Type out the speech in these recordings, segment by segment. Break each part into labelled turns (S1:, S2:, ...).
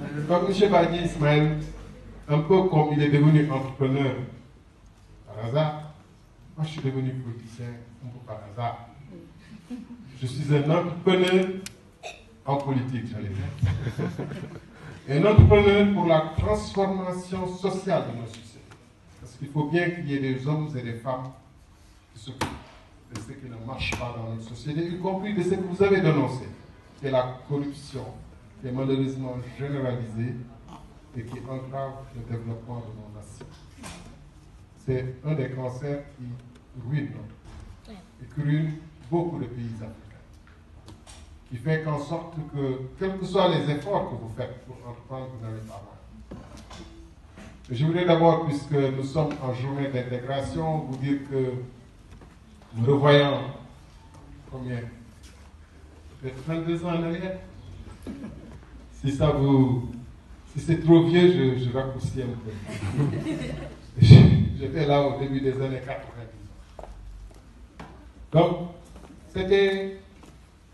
S1: M. Badi Ismaël, un peu comme il est devenu entrepreneur par hasard, moi je suis devenu politicien un peu par hasard. Je suis un entrepreneur en politique, j'allais dire. Un entrepreneur pour la transformation sociale de nos sociétés. Parce qu'il faut bien qu'il y ait des hommes et des femmes qui s'occupent de ce qui ne marche pas dans notre société, y compris de ce que vous avez dénoncé, c'est la corruption, est malheureusement généralisé et qui entrave le développement de nos nations. C'est un des cancers qui ruine et qui ruine beaucoup de pays africains. Qui fait en sorte que, quels que soient les efforts que vous faites pour entreprendre, vous n'allez pas Je voudrais d'abord, puisque nous sommes en journée d'intégration, vous dire que nous revoyons combien peut 32 ans en arrière si ça c'est trop vieux, je, vais raccourcis un peu. J'étais là au début des années 90. Donc, c'était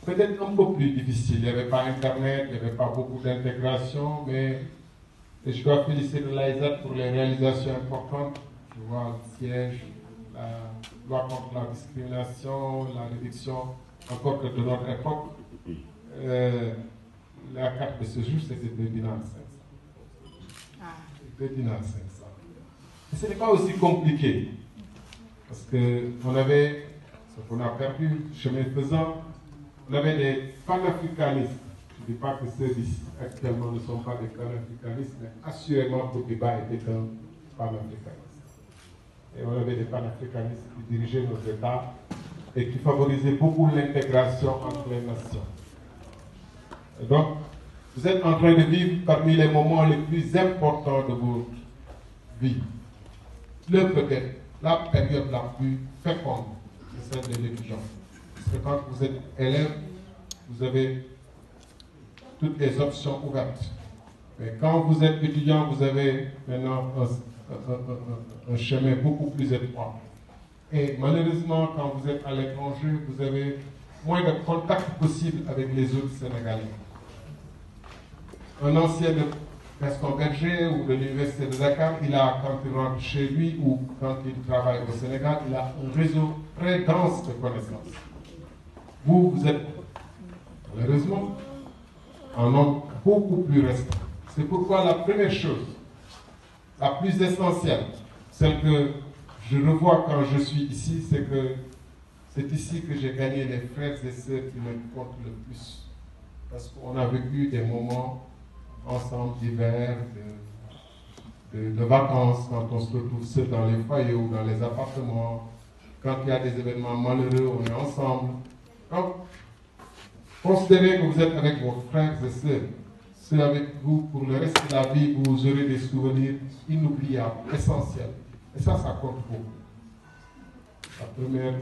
S1: peut-être un peu plus difficile. Il n'y avait pas Internet, il n'y avait pas beaucoup d'intégration, mais je dois féliciter l'AISAT pour les réalisations importantes. Je vois le siège, la loi contre la discrimination, la réduction encore que de notre époque. Euh, la carte de ce jour, c'était 2 dinars 500. ce n'est pas aussi compliqué. Parce qu'on avait ce qu'on a perdu, chemin faisant, on avait des panafricanistes. Je ne dis pas que ceux d'ici actuellement ne sont pas des panafricanistes, mais assurément Kokiba était un panafricaniste. Et on avait des panafricanistes qui dirigeaient nos États et qui favorisaient beaucoup l'intégration entre les nations. Donc, vous êtes en train de vivre parmi les moments les plus importants de votre vie. Le peut-être, la période la plus féconde, c'est celle de l'étudiant. Parce que quand vous êtes élève, vous avez toutes les options ouvertes. Mais quand vous êtes étudiant, vous avez maintenant un, chemin beaucoup plus étroit. Et malheureusement, quand vous êtes à l'étranger, vous avez moins de contact possible avec les autres Sénégalais un ancien de Gaston Berger ou de l'Université de Dakar, il a, quand il rentre chez lui ou quand il travaille au Sénégal, il a un réseau très dense de connaissances. Vous, vous êtes, malheureusement, un homme beaucoup plus restreint. C'est pourquoi la première chose, la plus essentielle, celle que je revois quand je suis ici, c'est que c'est ici que j'ai gagné les frères et sœurs qui me comptent le plus. Parce qu'on a vécu des moments ensemble d'hiver, de, vacances, quand on se retrouve seul dans les foyers ou dans les appartements, quand il y a des événements malheureux, on est ensemble. Donc, considérez que vous êtes avec vos frères et sœurs. C'est avec vous pour le reste de la vie, vous aurez des souvenirs inoubliables, essentiels. Et ça, ça compte beaucoup. La première.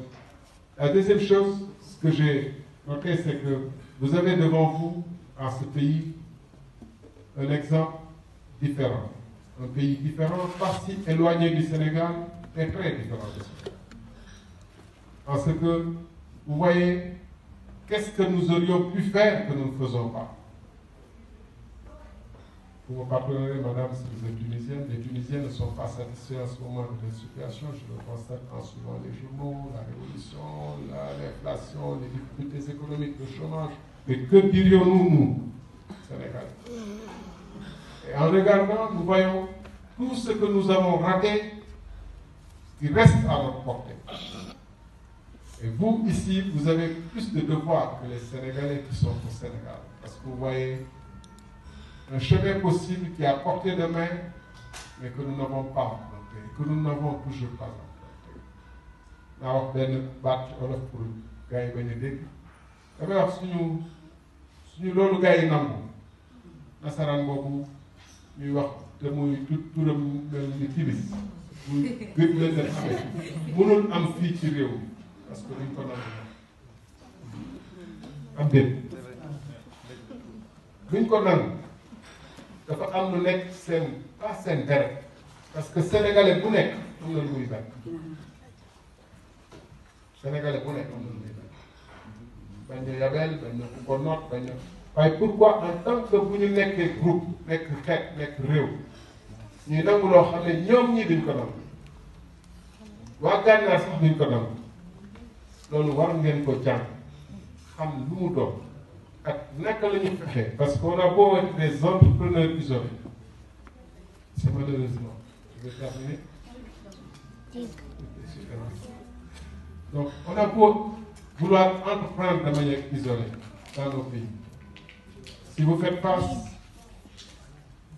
S1: La deuxième chose, ce que j'ai noté, c'est que vous avez devant vous, à ce pays, un exemple différent. Un pays différent, pas si éloigné du Sénégal, est très différent du Sénégal. Parce que, vous voyez, qu'est-ce que nous aurions pu faire que nous ne faisons pas Vous me pardonnerez, madame, si vous êtes tunisienne, les Tunisiens ne sont pas satisfaits à ce moment de la situation. Je le constate en suivant les journaux, la révolution, l'inflation, les difficultés économiques, le chômage. Mais que dirions-nous, nous, Sénégalais en regardant, nous voyons tout ce que nous avons raté qui reste à notre portée. Et vous, ici, vous avez plus de devoirs que les Sénégalais qui sont au Sénégal. Parce que vous voyez un chemin possible qui est à portée de main, mais que nous n'avons pas emprunté, que nous n'avons toujours pas emprunté. Nous avons ñuy wax te muy turam mel ni tibis muy gën leen leen xamee mënul am fii ci réew mi parce que duñ ko nangu am déet duñ ko nangu dafa am lu nekk seen pas seen deret parce que sénégalais bu nekk am na lu muy bañ sénégalais bu am na lu muy bañ bañ na yabeel bañ na ku ko Mais pourquoi en tant que bu ñu nekkee groupe nekk xeet nekk réew ñuy nangu loo xam ne ñoom ñii duñ ko nangu waa gànnaar sax duñ ko nangu loolu war nous ko faire. xam lu mu doon ak naka la ñu fexee parce qu'on a beau être des entrepreneurs isolés c'est malheureusement je vais terminer donc on a beau vouloir entreprendre de manière isolée dans nos pays si vous faites face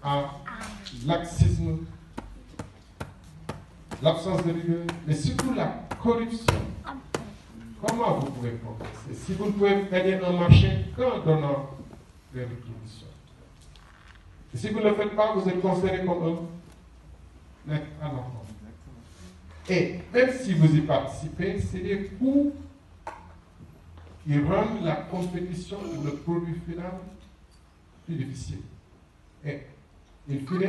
S1: à laxisme, l'absence de lieu, mais surtout la corruption, comment vous pouvez progresser Si vous ne pouvez gagner un marché qu'en donnant des rétributions. Et si vous ne le faites pas, vous êtes considéré comme un, enfant. Et même si vous y participez, c'est des coûts qui rendent la compétition, le produit final, plus difficile. Et il finit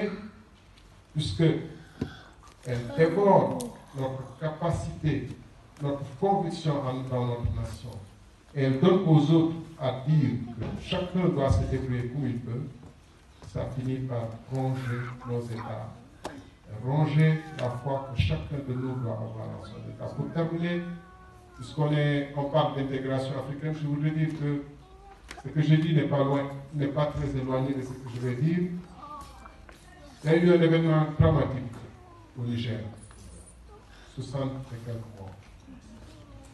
S1: puisque elle notre capacité, notre conviction dans notre nation, et elle donne aux autres à dire que chacun doit se débrouiller où il peut, ça finit par ronger nos États, ronger la foi que chacun de nous doit avoir dans son État. Pour terminer, puisqu'on parle d'intégration africaine, je voudrais dire que ce que j'ai dit n'est pas loin, n'est pas très éloigné de ce que je vais dire. Il y a eu un événement dramatique au Niger. 60 et quelques mois.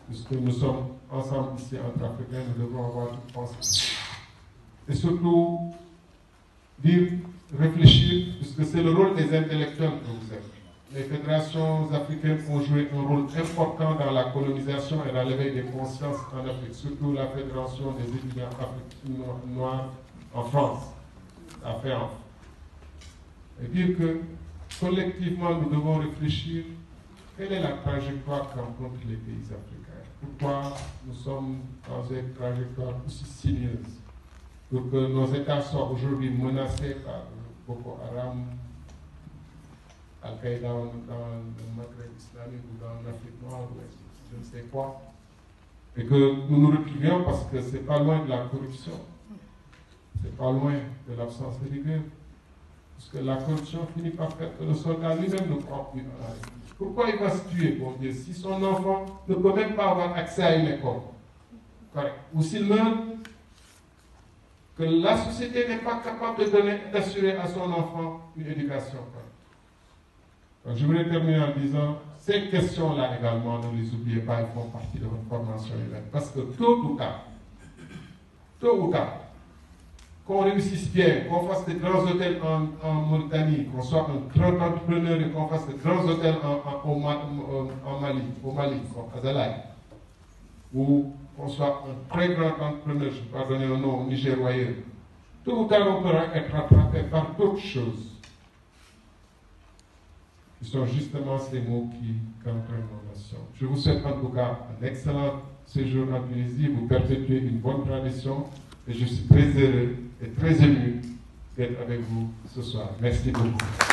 S1: Puisque nous sommes ensemble ici en Africains, nous devons avoir une pensée. Et surtout, dire, réfléchir, puisque c'est le rôle des intellectuels que vous êtes les fédérations africaines ont joué un rôle important dans la colonisation et dans l'éveil des consciences en Afrique, surtout la Fédération des étudiants africains noirs en France, à e Et dire que collectivement, nous devons réfléchir quelle est la trajectoire qu'encontrent les pays africains. Pourquoi nous sommes dans une trajectoire aussi sinueuse pour que nos États soient aujourd'hui menacés par Boko Haram, Al-Qaïda, dans, dans le Maghreb islamique ou dans l'Afrique noire, ou je ne sais quoi. Et que nous nous répudions parce que c'est pas loin de la corruption, c'est pas loin de l'absence de rigueur. Parce que la corruption finit par faire que le soldat lui-même ne croit plus dans la Pourquoi il va se tuer, bon Dieu, si son enfant ne peut même pas avoir accès à une école Ou s'il meurt, que la société n'est pas capable de donner, d'assurer à son enfant une éducation je voulais terminer en disant, ces questions-là également, ne les oubliez pas, elles font partie de votre formation humaine. Parce que tout ou tard, tout ou tard, qu'on réussisse bien, qu'on fasse des grands hôtels en, Mauritanie, qu'on soit un grand entrepreneur et qu'on fasse des grands hôtels en, en, Mali, au Mali, en ou qu'on soit un très grand entrepreneur, je vais nom, au Niger tout ou on pourra être rattrapé par d'autres choses sont justement ces mots qui comprennent nos nations. Je vous souhaite en tout cas un excellent séjour en Tunisie. Vous perpétuez une bonne tradition et je suis très heureux et très ému d'être avec vous ce soir. Merci beaucoup.